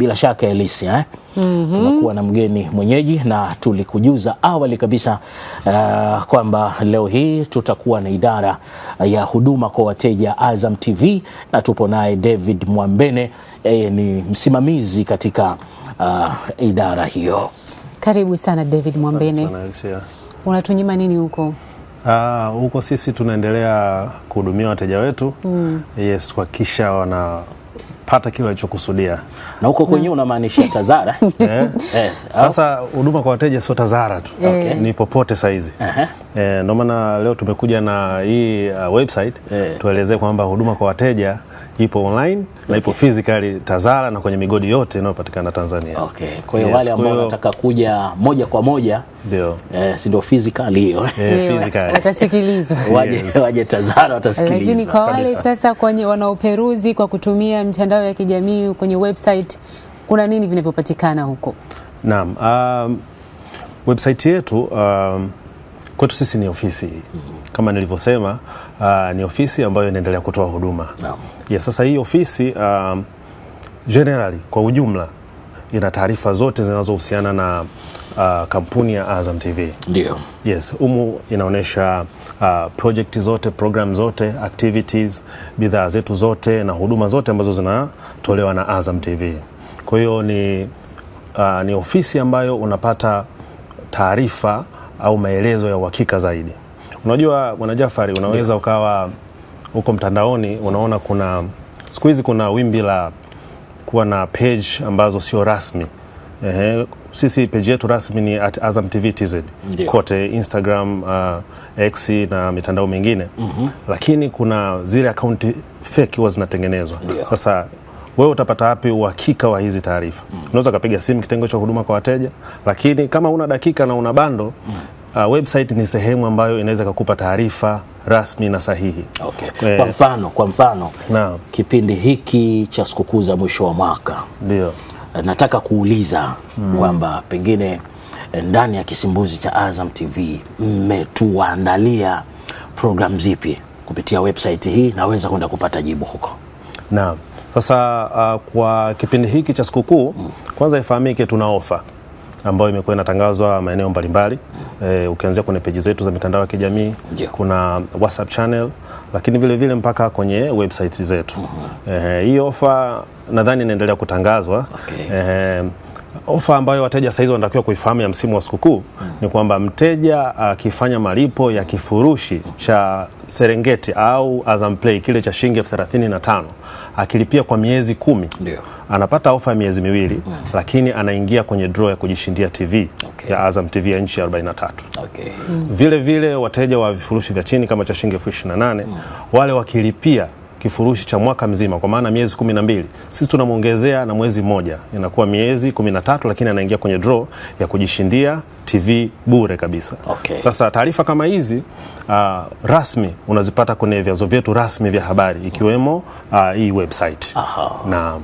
bila shaka Elisi eh? mm -hmm. Tunakuwa na mgeni mwenyeji na tulikujuza awali kabisa uh, kwamba leo hii tutakuwa na idara eh, ya huduma kwa wateja Azam TV na tupo naye David Mwambene, yeye ni msimamizi katika uh, idara hiyo. Karibu sana David Mwambene. Unatunyima nini huko? Ah, huko sisi tunaendelea kuhudumia wateja wetu mm. Yes, kuhakikisha wana unapata kile unachokusudia. Na huko kwenyewe unamaanisha Tazara? Eh, eh, eh sasa huduma kwa wateja sio Tazara tu eh. okay. Ni popote hizi. uh -huh. Eh, ndio maana leo tumekuja na hii uh, website eh. Tuelezee kwamba huduma kwa wateja ipo online okay. na ipo physically Tazara na kwenye migodi yote inayopatikana Tanzania. Okay. Kwa hiyo yes, wale ambao wanataka kuja moja kwa moja ndio eh, si ndio physically hiyo eh, physically watasikilizwa waje yes. waje Tazara watasikilizwa. Lakini kwa wale sasa kwenye wanaoperuzi kwa kutumia mitandao ya kijamii kwenye website kuna nini vinavyopatikana huko? Naam, um, website yetu um, kwetu sisi ni ofisi mhm. kama nilivyosema, uh, ni ofisi ambayo inaendelea kutoa huduma Naam. Yeah, sasa hii ofisi um, generally kwa ujumla ina taarifa zote zinazohusiana na uh, kampuni ya Azam TV. Ndio. Yes, umu inaonyesha uh, project zote, program zote, activities, bidhaa zetu zote na huduma zote ambazo zinatolewa na Azam TV. Kwa hiyo ni, uh, ni ofisi ambayo unapata taarifa au maelezo ya uhakika zaidi. Unajua Bwana Jafari, unaweza ukawa huko mtandaoni, unaona kuna siku hizi kuna wimbi la kuwa na page ambazo sio rasmi. Ehe, sisi page yetu rasmi ni at Azam TV TZ kote Instagram, uh, X na mitandao mingine mm -hmm. Lakini kuna zile akaunti fake huwa zinatengenezwa. Sasa wewe utapata wapi uhakika wa hizi taarifa? mm -hmm. Unaweza ukapiga simu kitengo cha huduma kwa wateja, lakini kama una dakika na una bando mm -hmm. Uh, website ni sehemu ambayo inaweza kukupa taarifa rasmi na sahihi. Okay. Eh. Kwa mfano, kwa mfano na kipindi hiki cha sikukuu za mwisho wa mwaka ndio eh, nataka kuuliza mm, kwamba pengine eh, ndani ya kisimbuzi cha Azam TV mmetuandalia programu zipi kupitia website hii, naweza kwenda kupata jibu huko. Naam. Sasa uh, kwa kipindi hiki cha sikukuu mm, kwanza ifahamike tuna ofa ambayo imekuwa inatangazwa maeneo mbalimbali e, ukianzia kwenye peji zetu za mitandao ya kijamii yeah. Kuna WhatsApp channel lakini vile vile mpaka kwenye website zetu mm -hmm. Hii ofa nadhani inaendelea kutangazwa okay. E, eh, ofa ambayo wateja saizi wanatakiwa kuifahamu ya msimu wa sikukuu mm. ni kwamba mteja akifanya uh, malipo ya kifurushi cha Serengeti au Azam Play kile cha shilingi elfu thelathini na tano akilipia kwa miezi kumi Ndiyo anapata ofa ya miezi miwili mm. lakini anaingia kwenye draw ya kujishindia TV okay. ya Azam TV ya nchi 43. Okay. Mm. Vile vile wateja wa vifurushi vya chini kama cha shilingi elfu ishirini na nane mm. wale wakilipia kifurushi cha mwaka mzima kwa maana miezi kumi na mbili sisi tunamwongezea na mwezi mmoja inakuwa miezi kumi na tatu lakini anaingia kwenye draw ya kujishindia TV bure kabisa. Okay. Sasa taarifa kama hizi uh, rasmi unazipata kwenye vyanzo vyetu rasmi vya habari ikiwemo uh, hii website. Aha. Na,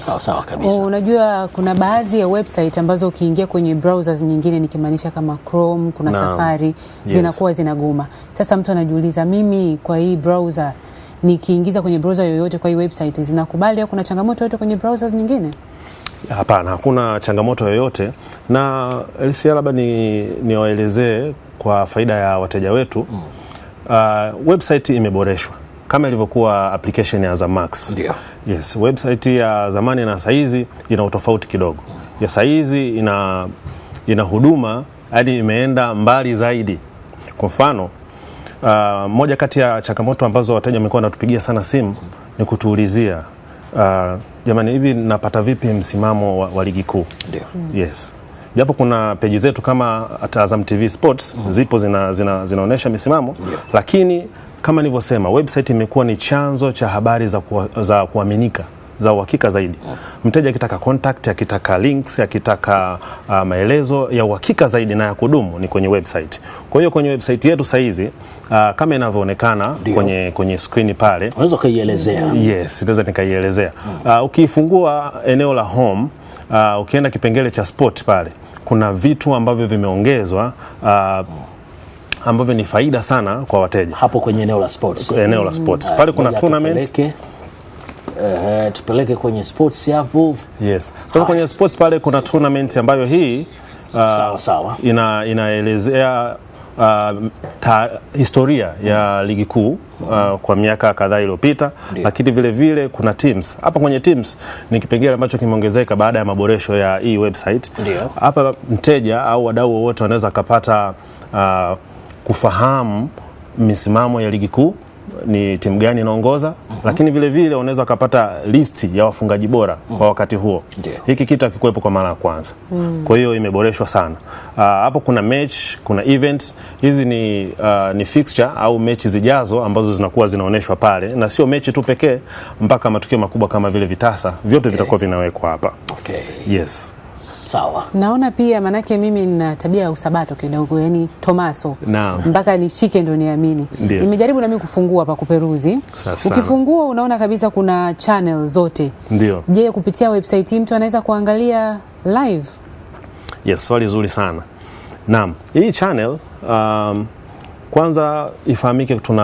Sawa sawa kabisa. Oh, unajua kuna baadhi ya website ambazo ukiingia kwenye browsers nyingine, nikimaanisha kama Chrome, kuna no. Safari zinakuwa zinaguma Sasa mtu anajiuliza mimi kwa hii browser nikiingiza kwenye browser yoyote kwa hii website zinakubali au kuna changamoto yoyote kwenye browsers nyingine? Hapana, hakuna changamoto yoyote na LCR, labda niwaelezee kwa faida ya wateja wetu mm. Uh, website imeboreshwa kama ilivyokuwa application ya Zamax. Ndio. Yes, website ya zamani na sasa hizi ina utofauti kidogo. Ya sasa hizi ina ina huduma hadi imeenda mbali zaidi. Kwa mfano, uh, moja kati ya changamoto ambazo wateja wamekuwa wanatupigia sana simu ni kutuulizia uh, jamani, hivi napata vipi msimamo wa, wa ligi kuu? Ndio. Hmm. Yes japo kuna peji zetu kama Azam TV Sports mm -hmm. zipo zinaonyesha zina, zina misimamo yeah. Lakini kama nilivyosema, website imekuwa ni chanzo cha habari za, kuwa, za kuaminika za uhakika zaidi. Mm. Mteja akitaka contact, akitaka links, akitaka uh, maelezo ya uhakika zaidi na ya kudumu ni kwenye website. Kwa hiyo kwenye website yetu sasa hizi uh, kama inavyoonekana kwenye, kwenye screen pale unaweza kuielezea. Yes, naweza nikaielezea. Mm. Uh, ukifungua eneo la home uh, ukienda kipengele cha sport pale kuna vitu ambavyo vimeongezwa uh, mm ambavyo ni faida sana kwa wateja hapo kwenye eneo la sports. Eneo la sports mm, pale kuna tournament Uh, tupeleke kwenye sports hapo. Yes. Sasa kwenye sports pale kuna tournament ambayo hii uh, sawa, sawa. Ina, inaelezea uh, ta, historia ya ligi kuu uh, kwa miaka kadhaa iliyopita, lakini vile vile kuna teams hapa. Kwenye teams ni kipengele ambacho kimeongezeka baada ya maboresho ya hii website. Hapa mteja au wadau wowote wanaweza akapata uh, kufahamu misimamo ya ligi kuu ni timu gani inaongoza, mm -hmm. Lakini vilevile unaweza ukapata listi ya wafungaji bora mm -hmm. kwa wakati huo Deo. Hiki kitu akikuwepo kwa mara ya kwanza mm. Kwa hiyo imeboreshwa sana ah, hapo. Kuna match, kuna event hizi ni, uh, ni fixture au mechi zijazo ambazo zinakuwa zinaonyeshwa pale, na sio mechi tu pekee, mpaka matukio makubwa kama vile vitasa vyote okay. vitakuwa vinawekwa hapa okay. yes. Sawa. Naona pia manake mimi nina tabia ya usabato kidogo, yani tomaso mpaka nishike ndo niamini. Nimejaribu nami kufungua pa kuperuzi. Ukifungua unaona kabisa kuna channel zote. Ndio. Je, kupitia website hii mtu anaweza kuangalia live? Yes, swali zuri sana. Naam, hii channel um, kwanza ifahamike, tuna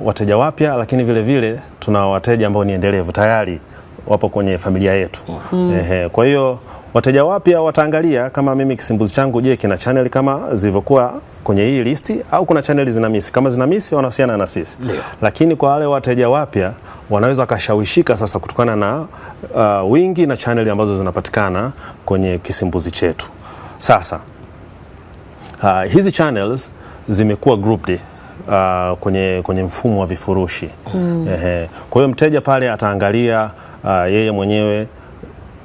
wateja wapya, lakini vile vile tuna wateja ambao ni endelevu tayari wapo kwenye familia yetu. Mm. Ehe, kwa hiyo Wateja wapya wataangalia kama mimi kisimbuzi changu, je, kina channel kama zilivyokuwa kwenye hii listi au kuna channel zina miss? Kama zina miss wanahusiana na sisi, lakini kwa wale wateja wapya wanaweza wakashawishika sasa kutokana na uh, wingi na channel ambazo zinapatikana kwenye kisimbuzi chetu. Sasa uh, hizi channels zimekuwa grouped uh, kwenye, kwenye mfumo wa vifurushi mm. Ehe. Kwa hiyo mteja pale ataangalia uh, yeye mwenyewe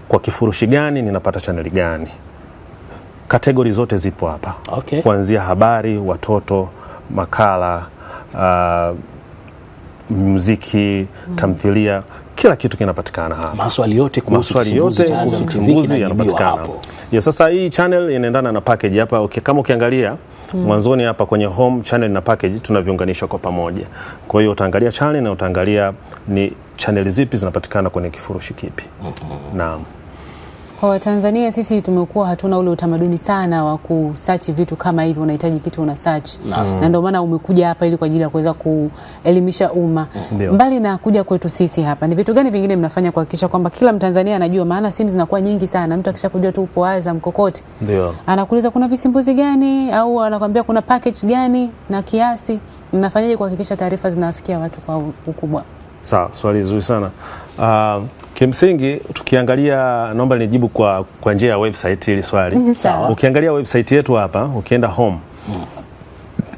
kwa kifurushi gani ninapata chaneli gani. Kategori zote zipo hapa okay. Kuanzia habari, watoto, makala, uh, muziki, mm. tamthilia, kila kitu kinapatikana hapa. Maswali yote kuhusu kisimbuzi yanapatikana. Ya sasa hii channel inaendana na package hapa. Okay, kama ukiangalia mm. Mwanzoni hapa kwenye home channel na package tunaviunganisha kwa pamoja. Kwa hiyo utaangalia channel na utaangalia ni channel zipi zinapatikana kwenye kifurushi kipi. mm -hmm. Naam. Kwa Watanzania sisi tumekuwa hatuna ule utamaduni sana wa kusearch vitu kama hivyo, unahitaji kitu una search mm. na ndio maana umekuja hapa ili kwa ajili ya kuweza kuelimisha umma. mm. Mbali na kuja kwetu sisi hapa, ni vitu gani vingine mnafanya kuhakikisha kwamba kila Mtanzania anajua? Maana simu zinakuwa nyingi sana, mtu akishakujua tu upo Azam kokote, ndio anakuuliza kuna visimbuzi gani, au anakwambia kuna package gani na kiasi. Mnafanyaje kuhakikisha taarifa zinawafikia watu kwa ukubwa? Sawa, swali zuri sana uh, Kimsingi tukiangalia, naomba nijibu kwa, kwa njia ya website hili swali. Mhm, sawa. Ukiangalia website yetu hapa, ukienda home mm.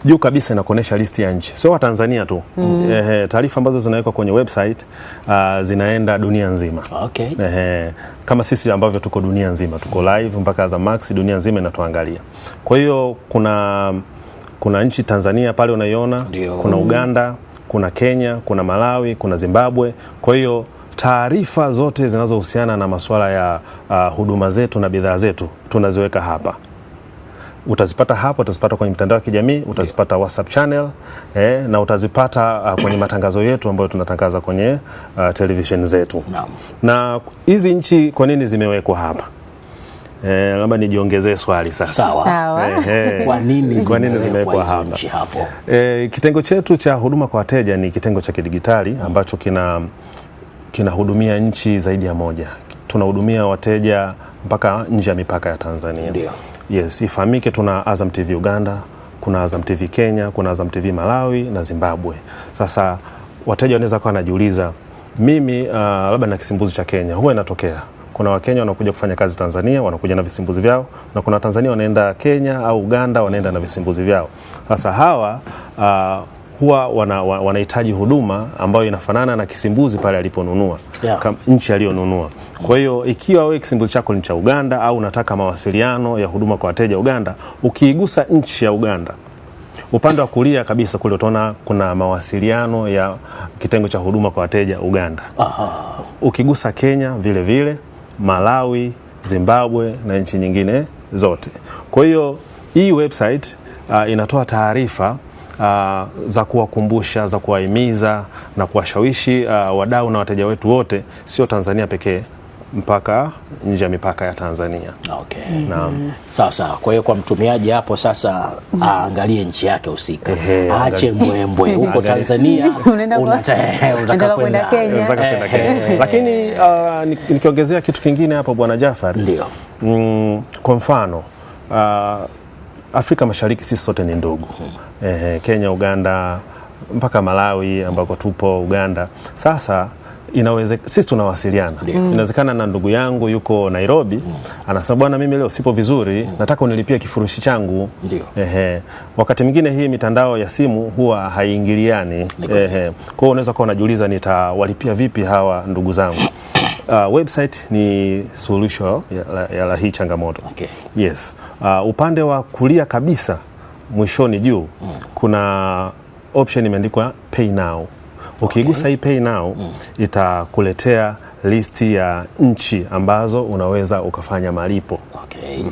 juu kabisa inakuonesha list ya nchi, sio Tanzania tu mm. Ehe, taarifa ambazo zinawekwa kwenye website uh, zinaenda dunia nzima okay. Ehe, kama sisi ambavyo tuko dunia nzima tuko live mpaka Max, dunia nzima inatuangalia. Kwa hiyo kuna, kuna nchi Tanzania pale unaiona, kuna Uganda, kuna Kenya, kuna Malawi, kuna Zimbabwe, kwa hiyo taarifa zote zinazohusiana na masuala ya uh, huduma zetu na bidhaa zetu tunaziweka hapa utazipata hapo, utazipata kwenye mtandao ya kijamii, utazipata WhatsApp channel eh, na utazipata uh, kwenye matangazo yetu ambayo tunatangaza kwenye uh, television zetu Na hizi nchi kwa nini zimewekwa hapa? Eh, labda nijiongezee swali sasa. Sawa. Sawa. Eh, eh. kwa nini kwa nini zimewekwa hapa? Eh, kitengo chetu cha huduma kwa wateja ni kitengo cha kidigitali ambacho kina kinahudumia nchi zaidi ya moja, tunahudumia wateja mpaka nje ya mipaka ya Tanzania. Yes, ifahamike tuna Azam TV Uganda, kuna Azam TV Kenya, kuna Azam TV Malawi na Zimbabwe. Sasa wateja wanaweza kuwa wanajiuliza mimi uh, labda na kisimbuzi cha Kenya, huwa inatokea kuna Wakenya wanakuja kufanya kazi Tanzania, wanakuja na visimbuzi vyao, na kuna Watanzania wanaenda Kenya au Uganda, wanaenda na visimbuzi vyao. Sasa hawa uh, huwa wanahitaji wana huduma ambayo inafanana na kisimbuzi pale aliponunua yeah. nchi aliyonunua. Kwa hiyo ikiwa wewe kisimbuzi chako ni cha Uganda au unataka mawasiliano ya huduma kwa wateja Uganda, ukiigusa nchi ya Uganda upande wa kulia kabisa kule utaona kuna mawasiliano ya kitengo cha huduma kwa wateja Uganda. Aha. Ukigusa Kenya vile vile, Malawi, Zimbabwe na nchi nyingine zote. Kwa hiyo hii website uh, inatoa taarifa uh, za kuwakumbusha, za kuwahimiza na kuwashawishi uh, wadau na wateja wetu wote, sio Tanzania pekee mpaka nje ya mipaka ya Tanzania. Okay. Mm -hmm. Naam. Mm-hmm. Sawa sawa. Kwa hiyo kwa mtumiaji hapo sasa mm-hmm. aangalie nchi yake husika. Aache mbwembwe huko Tanzania unataka kwenda Kenya. Lakini uh, nikiongezea kitu kingine hapo Bwana Jafar. Ndio. Mm, kwa mfano uh, Afrika Mashariki sisi sote ni ndugu Eh, Kenya, Uganda mpaka Malawi ambako tupo Uganda sasa inaweze sisi tunawasiliana mm. Inawezekana na ndugu yangu yuko Nairobi mm. Anasema bwana, mimi leo sipo vizuri mm. Nataka unilipia kifurushi changu. Ehe, wakati mwingine hii mitandao ya simu huwa haiingiliani. Ehe, kwa hiyo unaweza kuwa unajiuliza nitawalipia vipi hawa ndugu zangu Uh, website ni solution ya, ya, hii changamoto okay. Yes. Uh, upande wa kulia kabisa mwishoni juu mm. kuna option imeandikwa pay now ukigusa okay. hii pay now mm. itakuletea listi ya nchi ambazo unaweza ukafanya malipo okay. mm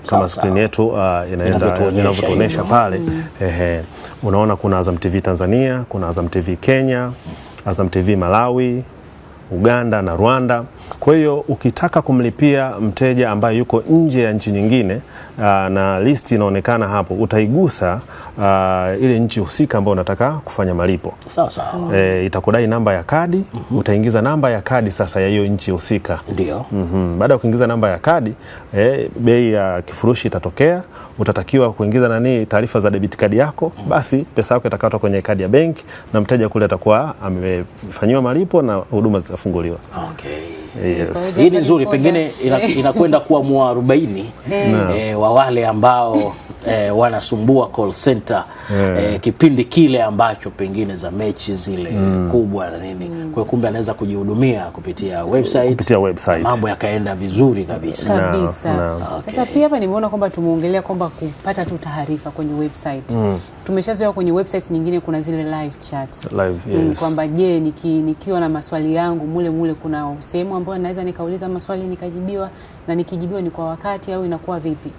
-hmm. kama skrini yetu uh, inaenda inavyotuonyesha pale mm. Ehe. unaona kuna Azam TV Tanzania, kuna Azam TV Kenya, mm. Azam TV Malawi Uganda na Rwanda. Kwa hiyo ukitaka kumlipia mteja ambaye yuko nje ya nchi nyingine uh, na list inaonekana hapo, utaigusa uh, ile nchi husika ambayo unataka kufanya malipo sawa sawa. E, itakudai namba ya kadi mm -hmm. Utaingiza namba ya kadi sasa ya hiyo nchi husika ndio. mm -hmm. Baada ya kuingiza namba ya kadi eh, bei ya kifurushi itatokea, utatakiwa kuingiza nani, taarifa za debit kadi yako mm -hmm. Basi pesa yako itakatwa kwenye kadi ya benki na mteja kule atakuwa amefanyiwa malipo na huduma zitafunguliwa. Okay. Yes. Hii ni nzuri, pengine inakwenda kuwa mwarobaini wale ambao eh, wanasumbua call center yeah. Eh, kipindi kile ambacho pengine za mechi zile mm. kubwa na nini mm. Kwa kumbe anaweza kujihudumia kupitia website, kupitia website. Mambo yakaenda vizuri kabisa kabisa no, no. Okay. Sasa pia hapa nimeona kwamba tumeongelea kwamba kupata tu taarifa kwenye website mm. Tumeshazoea kwenye website nyingine kuna zile live chats live, mm, yes. Kwamba je, niki, nikiwa na maswali yangu mule mule kuna sehemu ambayo naweza nikauliza maswali nikajibiwa, na nikijibiwa ni kwa wakati au inakuwa vipi?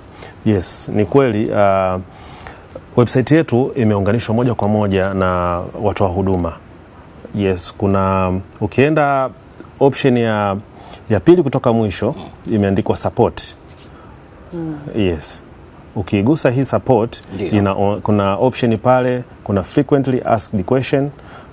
Yes, ni kweli uh, website yetu imeunganishwa moja kwa moja na watoa huduma. Yes, kuna ukienda option ya, ya pili kutoka mwisho imeandikwa support. Mm. Yes. Ukiigusa hii support ina, kuna option pale, kuna frequently asked question,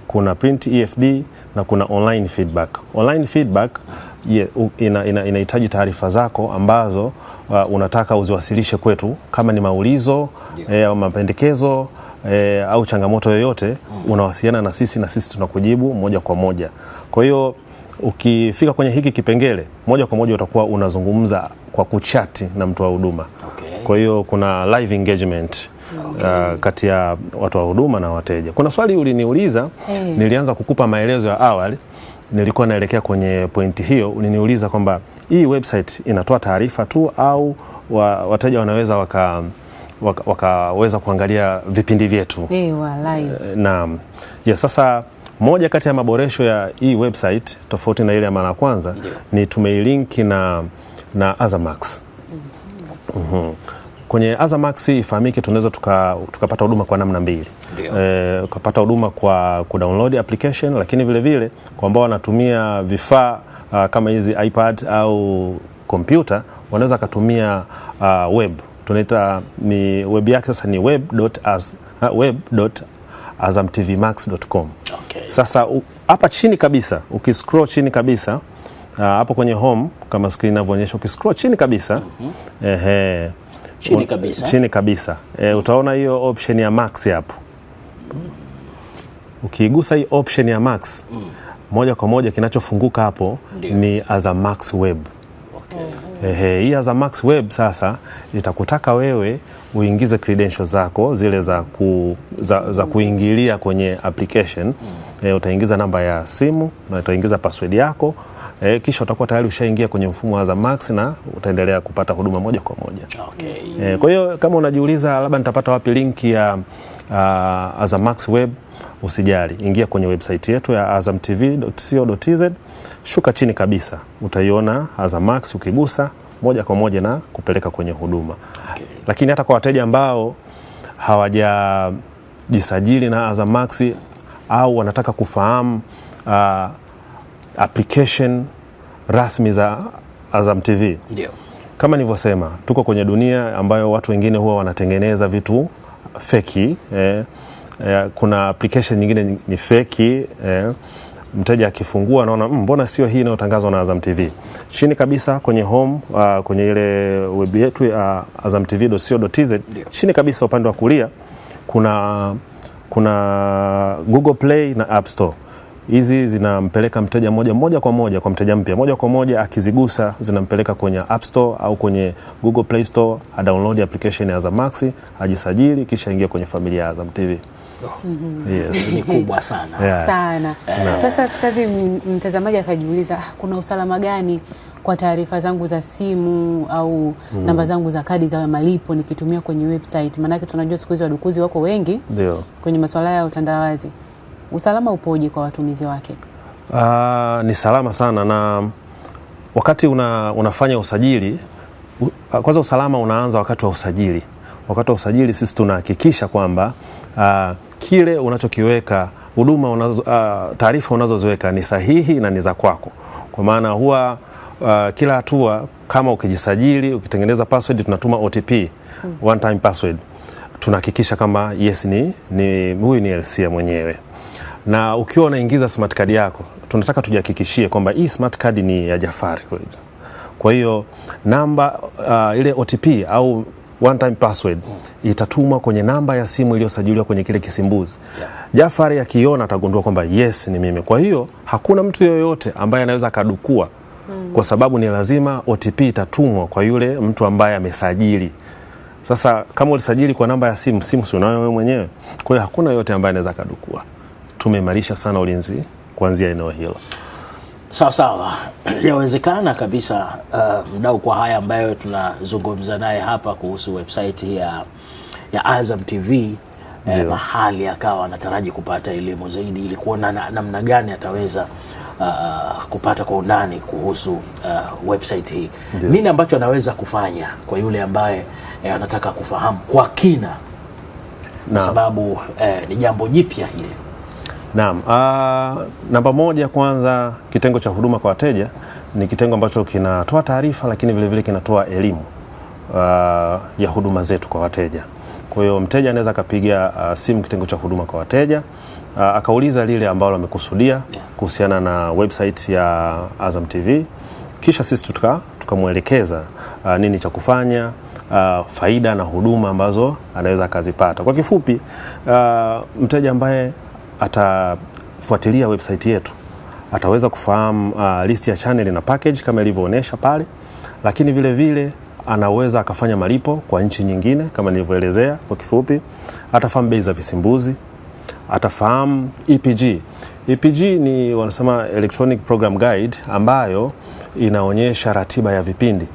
kuna print EFD na kuna online feedback. Online feedback inahitaji ina, ina taarifa zako ambazo uh, unataka uziwasilishe kwetu, kama ni maulizo eh, au yeah. e, mapendekezo e, au changamoto yoyote mm. unawasiliana na sisi na sisi tunakujibu moja kwa moja. Kwa hiyo ukifika kwenye hiki kipengele, moja kwa moja utakuwa unazungumza kwa kuchati na mtu wa huduma okay. Kwa hiyo kuna live engagement okay. uh, kati ya watu wa huduma na wateja. Kuna swali uliniuliza hey. Nilianza kukupa maelezo ya awali nilikuwa naelekea kwenye pointi hiyo, uliniuliza kwamba hii website inatoa taarifa tu au wa, wateja wanaweza waka wakaweza waka kuangalia vipindi vyetu eh, eh, naam. Ya sasa, moja kati ya maboresho ya hii website tofauti na ile ya mara ya kwanza Ndiyo. ni tumeilinki na, na Azamax mm -hmm. mm -hmm. Kwenye Azamax ifahamike, tunaweza tukapata tuka huduma kwa namna mbili e, ukapata huduma kwa kudownload application, lakini vilevile vile, kwa ambao wanatumia vifaa uh, kama hizi iPad au kompyuta wanaweza akatumia uh, ah, web tunaita ni web yake sasa ni web.az web.azamtvmax.com. Okay. Sasa hapa chini kabisa ukiscroll chini kabisa ah, hapo uh, kwenye home kama screen inavyoonyesha ukiscroll chini kabisa mm -hmm. ehe chini kabisa, chini kabisa. E, utaona hiyo option ya max hapo. Ukiigusa hii option ya max mm. moja kwa moja kinachofunguka hapo Ndiyo. ni Azamax Web. Okay. Ehe, hii Max Web sasa itakutaka wewe uingize credentials zako zile za, ku, za, za kuingilia kwenye application mm. E, utaingiza namba ya simu na utaingiza password yako e, kisha utakuwa tayari ushaingia kwenye mfumo wa Zamax na utaendelea kupata huduma moja kwa moja. Okay. E, kwa hiyo kama unajiuliza labda nitapata wapi linki ya uh, ah, Azamax web, usijali, ingia kwenye website yetu ya azamtv.co.tz, shuka chini kabisa utaiona Azamax, ukigusa moja kwa moja na kupeleka kwenye huduma. Okay. Lakini hata kwa wateja ambao hawajajisajili na Azam Max au wanataka kufahamu uh, application rasmi za Azam TV. Ndio. Kama nilivyosema, tuko kwenye dunia ambayo watu wengine huwa wanatengeneza vitu feki eh, eh, kuna application nyingine ni feki eh, mteja akifungua anaona mm, mbona sio hii inayotangazwa na Azam TV. Chini kabisa kwenye home uh, kwenye ile web yetu uh, azamtv.co.tz chini kabisa upande wa kulia kuna kuna Google Play na App Store. Hizi zinampeleka mteja moja moja kwa moja kwa mteja mpya moja kwa moja akizigusa, zinampeleka kwenye App Store au kwenye Google Play Store, download application ya Azam Max, ajisajili, kisha ingia kwenye familia ya Azam TV. Mm-hmm. ni kubwa sana sana Sasa sikazi mtazamaji akajiuliza, ah, kuna usalama gani kwa taarifa zangu za simu au mm. namba zangu za kadi za malipo nikitumia kwenye website? Maanake tunajua siku hizi wadukuzi wako wengi Dio. kwenye masuala ya utandawazi. Usalama upoje kwa watumizi wake? Uh, ni salama sana na wakati una, unafanya usajili kwanza, usalama unaanza wakati wa usajili. Wakati wa usajili sisi tunahakikisha kwamba uh, kile unachokiweka huduma unazo, uh, taarifa unazoziweka ni sahihi na ni za kwako, kwa maana huwa uh, kila hatua kama ukijisajili, ukitengeneza password, tunatuma OTP hmm. one time password, tunahakikisha kama yes ni ni huyu ni Elsia mwenyewe, na ukiwa unaingiza smart card yako tunataka tujihakikishie kwamba hii smart card ni ya Jafari. Kwa hiyo namba uh, ile OTP au one time password itatumwa kwenye namba ya simu iliyosajiliwa kwenye kile kisimbuzi yeah. Jafari akiona atagundua kwamba yes ni mimi. Kwa hiyo hakuna mtu yoyote ambaye anaweza akadukua mm. kwa sababu ni lazima OTP itatumwa kwa yule mtu ambaye amesajili. Sasa kama ulisajili kwa namba ya simu, simu si unayo wewe mwenyewe, kwa hiyo hakuna yoyote ambaye anaweza akadukua. Tumeimarisha sana ulinzi kuanzia eneo hilo. Sawa sawa, yawezekana kabisa uh, mdau, kwa haya ambayo tunazungumza naye hapa kuhusu website ya, ya Azam TV eh, mahali akawa anataraji kupata elimu zaidi ili kuona namna na gani ataweza uh, kupata kwa undani kuhusu uh, website hii. Nini ambacho anaweza kufanya kwa yule ambaye eh, anataka kufahamu kwa kina, kwa sababu eh, ni jambo jipya hili Naam, uh, namba moja kwanza, kitengo cha huduma kwa wateja ni kitengo ambacho kinatoa taarifa lakini vilevile vile kinatoa elimu uh, ya huduma zetu kwa wateja. Kwa hiyo mteja anaweza akapiga uh, simu kitengo cha huduma kwa wateja uh, akauliza lile ambalo amekusudia kuhusiana na website ya Azam TV, kisha sisi tukamwelekeza uh, nini cha kufanya Uh, faida na huduma ambazo anaweza akazipata. Kwa kifupi, uh, mteja ambaye atafuatilia website yetu ataweza kufahamu uh, list ya channel na package kama ilivyoonyesha pale, lakini vile vile anaweza akafanya malipo kwa nchi nyingine kama nilivyoelezea kwa kifupi. Atafahamu bei za visimbuzi, atafahamu EPG. EPG ni wanasema electronic program guide, ambayo inaonyesha ratiba ya vipindi.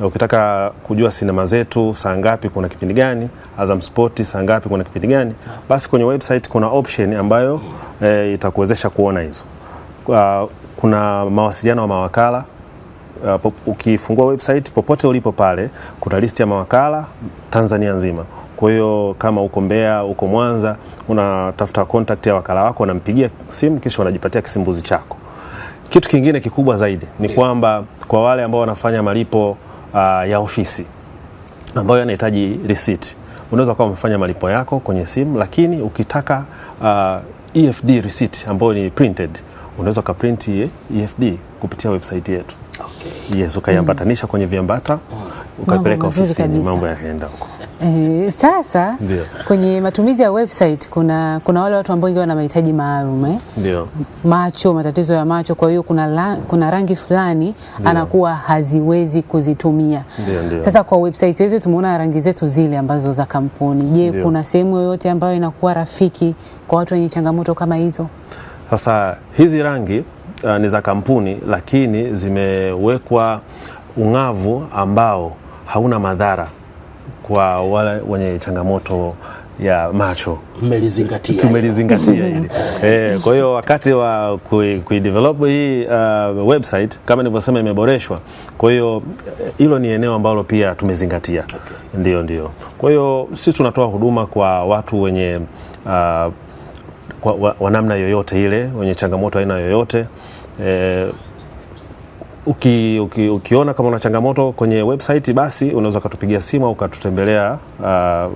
Ukitaka kujua sinema zetu saa ngapi kuna kipindi gani, Azam Sport saa ngapi kuna kipindi gani, basi kwenye website kuna option ambayo e, itakuwezesha kuona hizo. Ah, kuna mawasiliano wa mawakala Uh, ukifungua website popote ulipo pale kuna listi ya mawakala Tanzania nzima. Kwa hiyo kama uko Mbeya, uko Mwanza, unatafuta contact ya wakala wako, unampigia simu kisha unajipatia kisimbuzi chako. Kitu kingine kikubwa zaidi ni kwamba kwa wale ambao wanafanya malipo uh, ya ofisi ambayo yanahitaji receipt. Unaweza kuwa umefanya malipo yako kwenye simu, lakini ukitaka uh, EFD receipt ambayo ni printed, unaweza ukaprint EFD kupitia website yetu okay. Yes, ukaiambatanisha mm. kwenye viambata mm. ukaipeleka ofisini, mambo yakaenda huko. Eh, sasa Ndio. kwenye matumizi ya website kuna, kuna wale watu ambao ingiwa na mahitaji maalum eh? macho matatizo ya macho, kwa hiyo kuna, la, kuna rangi fulani anakuwa haziwezi kuzitumia Ndio, Ndio. Sasa kwa website yetu tumeona rangi zetu zile ambazo za kampuni. Je, kuna sehemu yoyote ambayo inakuwa rafiki kwa watu wenye changamoto kama hizo? Sasa hizi rangi uh, ni za kampuni lakini zimewekwa ung'avu ambao hauna madhara kwa wale wenye changamoto ya macho mmelizingatia, tumelizingatia hili eh. Kwa hiyo wakati wa kuidevelop kui hii uh, website kama nilivyosema imeboreshwa, kwa hiyo eh, hilo ni eneo ambalo pia tumezingatia. Okay. Ndio, ndio. Kwa hiyo sisi tunatoa huduma kwa watu wenye uh, kwa, wa namna yoyote ile wenye changamoto aina yoyote eh, uki, uki, ukiona kama una changamoto kwenye website basi unaweza ukatupigia simu au ukatutembelea uh,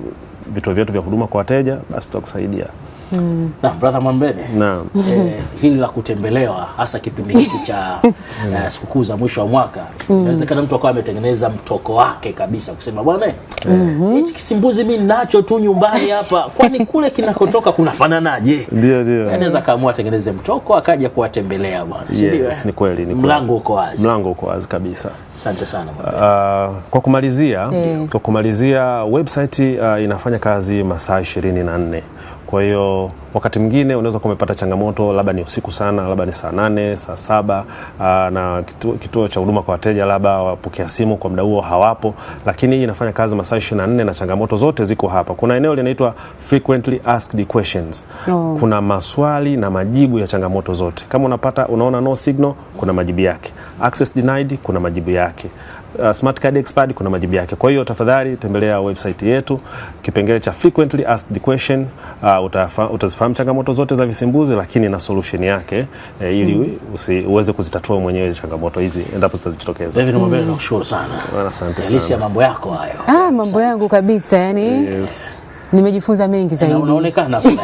vituo vyetu vya huduma kwa wateja, basi tutakusaidia. Mm. Na brother Mwambene. Naam. Eh, hili la kutembelewa hasa kipindi hiki cha uh, sikukuu za mwisho wa mwaka mm. inawezekana mm. mtu akawa ametengeneza mtoko wake kabisa kusema bwana eh, mm-hmm. hichi -hmm. kisimbuzi mimi ninacho tu nyumbani hapa kwani kule kinakotoka kunafananaje? Ndio ndio. Anaweza kaamua atengeneze mtoko akaja kuwatembelea bwana. Yes, eh? ni kweli ni mlango uko wazi. Mlango uko wazi kabisa. Asante sana uh, kwa kumalizia mm. kwa kumalizia website uh, inafanya kazi masaa 24 kwa hiyo wakati mwingine unaweza kuwa umepata changamoto, labda ni usiku sana, labda ni saa nane, saa saba aa, ah, na kituo, kituo cha huduma kwa wateja labda wapokea simu kwa muda huo hawapo, lakini hii inafanya kazi masaa 24 na changamoto zote ziko hapa. Kuna eneo linaitwa frequently asked questions oh. Kuna maswali na majibu ya changamoto zote. Kama unapata unaona no signal, kuna majibu yake. Access denied, kuna majibu yake uh, smart card expired, kuna majibu yake. Kwa hiyo tafadhali tembelea website yetu, kipengele cha frequently asked the question uh, utazifahamu changamoto zote za visimbuzi, lakini na solution yake eh, ili mm. usi, uweze kuzitatua mwenyewe changamoto hizi endapo zitajitokeza. David Mwambele, mm. nakushukuru sana. Asante sana. Alicia, mambo yako hayo. Ah, mambo yangu kabisa yani. Yes. Nimejifunza mengi zaidi. Unaonekana sana.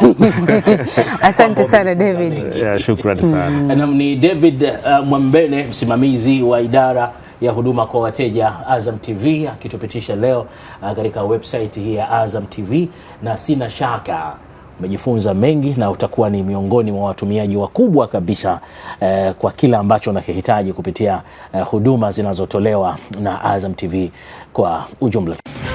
Asante sana David. Yeah, shukrani sana. Mm. Ni David uh, Mwambele msimamizi wa idara ya huduma kwa wateja Azam TV akitupitisha leo uh, katika website hii ya Azam TV, na sina shaka umejifunza mengi na utakuwa ni miongoni mwa watumiaji wakubwa kabisa eh, kwa kila ambacho unakihitaji kupitia eh, huduma zinazotolewa na Azam TV kwa ujumla.